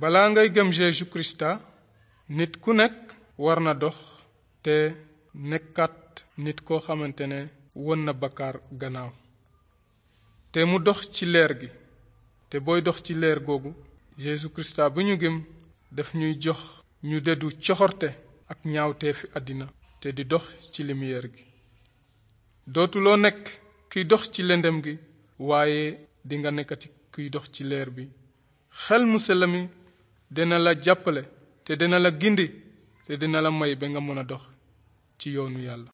balaa ngay gëm Jésus Christa nit ku nekk war na dox te nekkat nit koo xamante ne won na bakkaar gannaaw te mu dox ci leer gi te booy dox ci leer googu Jésus Christa bu ñu gëm daf ñuy jox ñu deddu coxorte ak ñaawteefi àddina te di dox ci lumière gi dootuloo nekk kiy dox ci lëndëm gi waaye dinga nekkati kiy dox ci leer bi xel mu dina la jàppale te dina la gindi te dina la may bi nga mën a dox ci yoonu yàlla